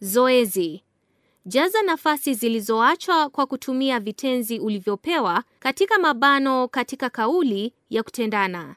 Zoezi: jaza nafasi zilizoachwa kwa kutumia vitenzi ulivyopewa katika mabano katika kauli ya kutendana.